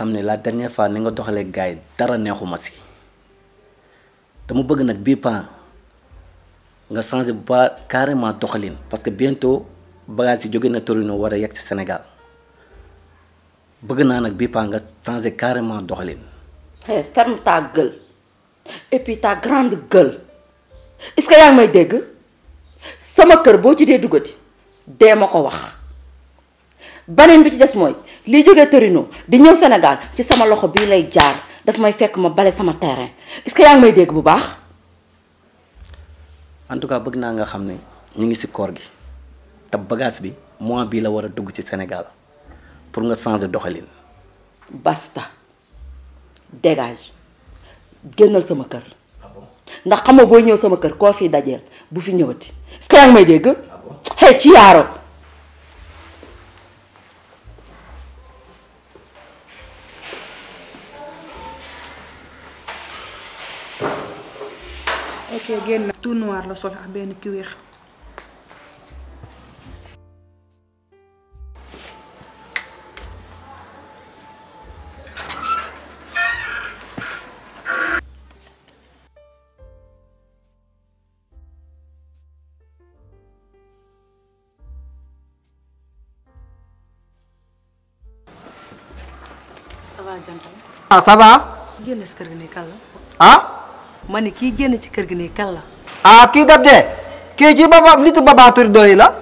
xam ne la dernière fois ni nga doxalee gars yi dara neexuma si dama bëgg nag bii nga changé bu baax carrément doxalin parce que bientôt bagage yi jóge na Torino war a yegg si Sénégal bëgg naa nag bipa nga changé carrément doxalin. Eh, ferme ta gueule et puis ta grande gueule est que yaa ngi may dégg sama kër boo ci dee duggati dee ma ko wax beneen bi ci des mooy. li jógee Torino di ñëw Sénégal ci sama loxo bii lay jaar daf may fekk ma bale sama terrain est-ce que yaa ngi may dégg bu baax. en tout cas bëgg naa nga xam ne ñu ngi ci koor gi te bagage bi mois bii la war a dugg ci Sénégal pour nga changer doxalin. basta dégage génnal sama kër ndax xam nga boo ñëw sama kër koo fi dajeel bu fi ñëwati est-ce que may dégg. xëy ah ci yaaro شيغان تو نوار لا صلح بين كويخ صباح جنتل صباح جنسكر ها mani ki génn ci kër gi nii kan la ah ki dab de kii ci baba nitu tour doy la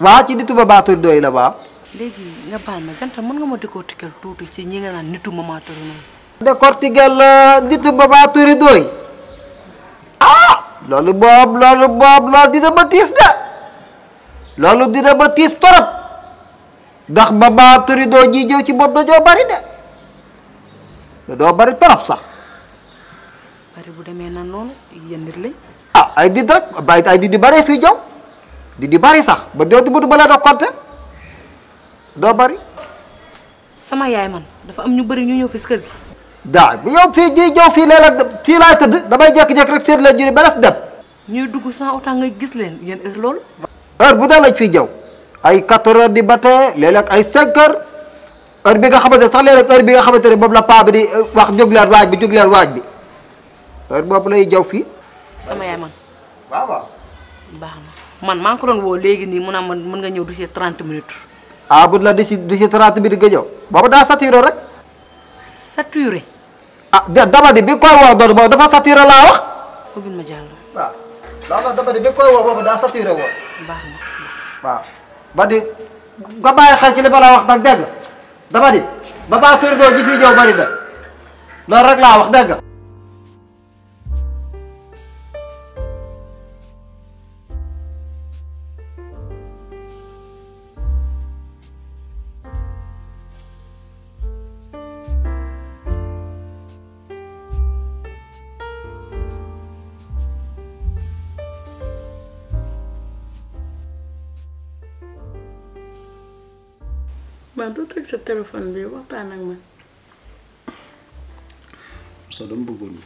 wa ci nitu tour doy la waaw léegi nga bal ma janta mën nga diko tikel tuuti ci ñi nga naan nitu mamatur noonu décortiquer eh, nitu tour doy ah lolu bob lolu bob la di da batis da lolu di da batis torop ndax tour doy ji jew ci do jo bari da do bari torop sax affaire bu demee na noonu yéen nit lañ. Ah, ay did rek bàyyi ay did yu bëree sax ba doo di ba la doo compté doo bëri. sama yaay man dafa am ñu bari ñu ñëw fi si kër gi. daa yow fi ji jaw fii léeg-léeg fii laay la damay jékki-jékki ba des ñuy dugg sans autant nga gis leen yéen heure loolu. heure bu dee lañ fii jaw ay 4 heures di matin léeg-léeg ay 5 heures heure bi nga xamante ne sax léeg-léeg bi nga xamante ne boobu la paa bi di eh, wax jóg leen waaj bi jóg leen waaj bi heure bopp lay jaw fi sama yaay man baba waaw baax man maa ngi ko doon woo léegi nii mun naa man mën nga ñëw du si 30 minutes ah bu la du si du si 30 minutes nga ñëw boobu daa saturé rek saturé ah di bi koy woo do boobu dafa saturé laa wax ubbil ma jàll waaw loolu dama di bi koy woo boobu daa saturé woo baax ba ba di ga bàyyi xel ci li ma la wax nag dégg dama di ba baa tur doo ji fii ñëw bari na loolu rek wax bantu tak sa telepon bi waxtaan ak man sa dama bëggoon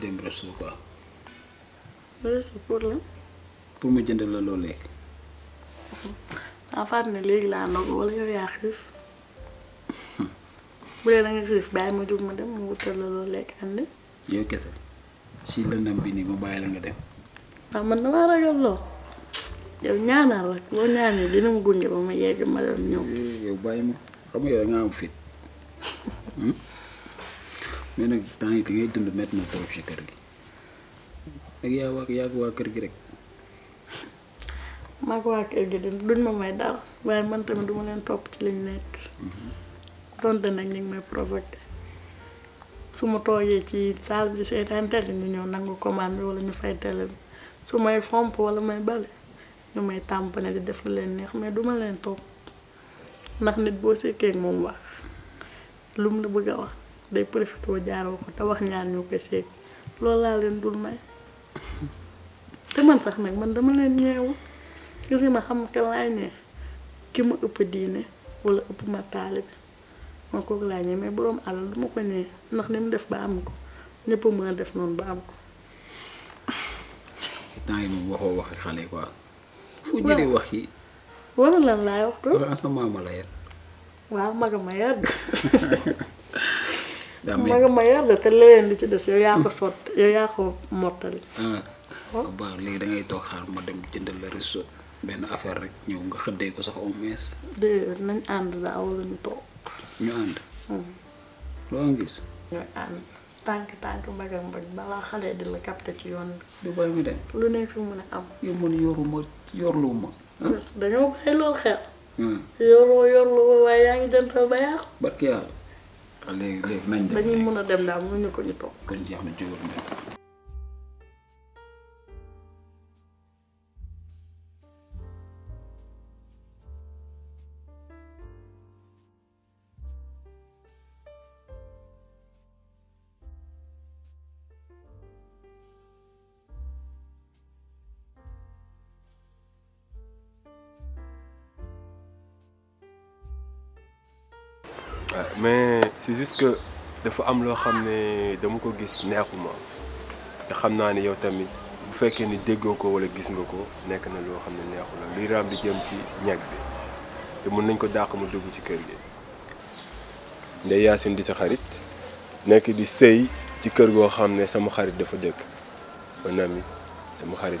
dem resto quoi resto pour la pour ma jënd la loo lekk afaat ne léegi laa ndogu wala yow yaa xiif bu dee nga xiif bàyyi dem mu wutal la yow si lëndam bi mau ma bàyyi la nga dem ndax yow ñaanal rek boo ñaanee dina mu gunge ba ma yegg ma dem ñëw. Eh, yow bàyyi ma xam nga yow am fit hmm? mais gi ak waa kër gi rek. maa ko waa kër gi duñ ma may dal waaye man tamit du ma leen topp ci liñ nekk. Mm-hmm. donte nag ñu ngi may provoqué su ma toogee ci salle bi seetaan télé ñu ñëw nangu commande bi wala ñu fay télé bi su may fomp wala may bale. ñu may tàmpane di def lu leen neex mais duma leen toog ndax nit boo sekkee moom wax lu mu la bëgg a wax day profité jaaroo ko te wax ñaar ñu koy seeg loolu laa leen dul may te man sax nag man dama leen ñeewu gis ma xam nga laay ne ki ma ëpp diine wala ëpp ma taalibe ma kook laa ñee mais boroom alal du ko ñee ndax ni mu def ba am ko ñëpp mën a def noonu ba am ko foo jëlee wax yi. wala lan laay wax ko. waaw sa maama la yar. te leneen li ci des yow yaa ko sotti yow yaa ko mottali. waaw baax léegi toog xaar ma dem jëndal la réseau benn affaire rek ñëw nga xëddee ko sax au moins. déedéet nañ ànd daa wala toog. ñu ànd. Mm. loo gis. ñu ànd. tànk tànk mbagak mbag balaa xale di la capté ci yoon bi. du bàyyi mu dem lu nekk fi mën a am. yow man yoruma yorluwuma. Ah? dañoo bàyyi loolu xel. Hmm. yoroo yorluwuma waaye yaa ngi jënd ba yàqu. barke yàlla ah, léegi léegi nañ dem dañuy mën a dem daal mënuñu ko ñu toog. kon jeex na jógal mais c'est juste que dafa am lo xamné dama ko gis neexuma te ne yow tamit bu fekke ni wala gis nga ko na ne la jëm ci ñag bi te mën nañ ko mu dugg ci kër gi di sa xarit nek di ci kër sama xarit dafa dëkk sama xarit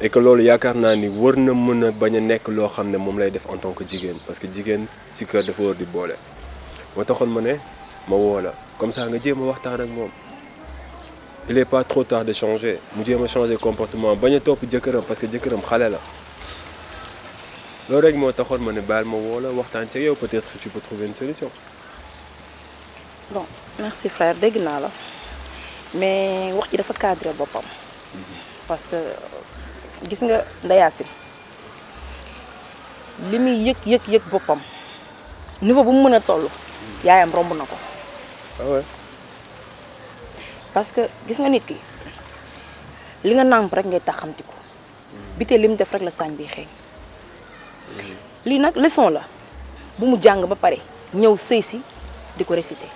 et que loolu yaakaar ni war meuna baña nek lo a mom lay def en tant que jigen parce que jigen ci cœur dafa war di bolé ma taxone mané ma wola comme ça nga jéem waxtan ak mom il est pas trop tard de changer mu jéem changer comportement baña top, topp parce que jëkkëram xalé la loolu rek moo taxoon ma ne baal ma wola waxtan ci yow peut-être que tu peux trouver une solution. bon merci frère degg na la mais wax ci dafa cadré bopam mhm. parce que. gis nga limi li yek yek yek yëg boppam niveau bu mu meuna tollu yaayam romb nako ko ah parce que gis nga nit ki li nga nàmp rek ngay taxamtiku hmm. bité lim def rek la sañ bi xeeñ hmm. li nak leçon la bu mu jang ba paré ñew sey si diko réciter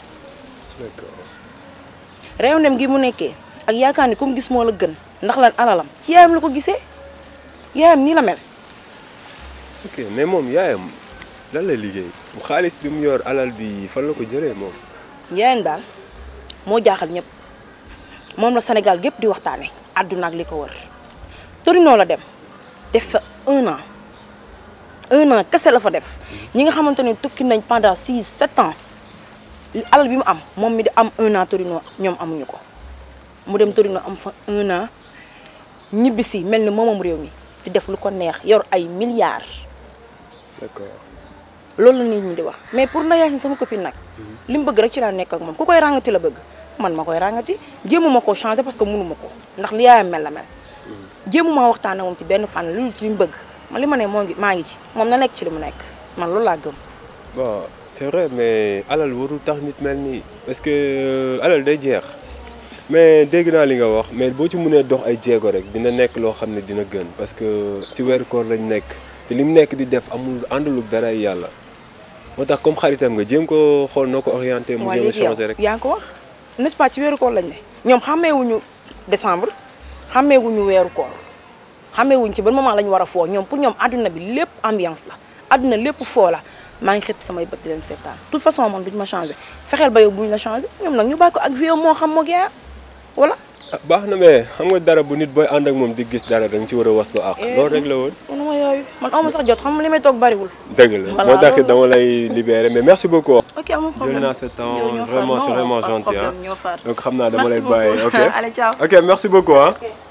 rewnem nem gi mu nekké ak yaakaar kum gis mo la gën ndax lan alalam ci yaayam la ko yaayam nii la mel. ok mais moom yaayam lan la liggéey xaalis bi mu yor alal bi fan la ko jëlee moom. yaayam daal moo jaaxal ñëpp moom la Sénégal gépp di waxtaane àdduna ak li ko wër Torino la dem def fa un an un an kese la fa def ñi nga xamante ne tukki nañ pendant six sept ans alal bi mu am moom mi di am un an Torino ñoom amuñu ko mu dem Torino am fa un an mel ni réew mi. di def lu ko neex yor ay milliards. d'accord lolou la nit ñi di wax mais pour Ndeye Yacine sama copine nak mhm. lim mu bëgg rek ci la nekk ak mom ku koy rangati la bëgg man ma koy ràngati jéemuma koo changé parce que mënuma ko ndax li yaayam mel la mel. Mhm. jéemuma waxtaan ak mom ci benn fan lu ci li bëgg man li ma ne moo ngi ma ngi ci mom na nekk ci li mu nekk man loolu la gëm. bon c'est vrai mais alal warul tax nit mel nii parce que euh, alal day jeex mais dégg naa li nga wax mais boo ci mënee dox ay jéego rek dina nekk loo xam ne dina gën parce que ci weeru koor lañ nekk te li mu nekk di def amul àndalul dara yàlla moo tax comme xaritam nga jéem ko xool noo ko orienté. mu jéem a changé rek yaa ngi ko wax n'est-ce pas ci weeru koor lañ ne ñoom xàmmeewuñu décembre xàmmeewuñu weeru koor xàmmeewuñ ci ban moment lañ war a foo ñoom pour ñoom àdduna bi lépp ambiance la àdduna lépp foo la maa ngi xëpp samay bët di leen seetaan toute façon man duñ ma changé fexeel ba yow buñ la changé ñoom nag ñu bàyyi ko ak vie moo xam moo voilà ah, baax na mais xam nga dara bu nit booy ànd ak di gis dara danga ci wara waslo ak eh, lo rek la woon. man ma yooyu man aw ma sax jot xam nga li may bari wul dëgg la mo tax dama lay libérer mais merci beaucoup. ok amul problème je naa sa temps vraiment c'est vraiment gentil hein donc xamna dama lay bàyyi ok. allez ciao ok merci beaucoup hein ah.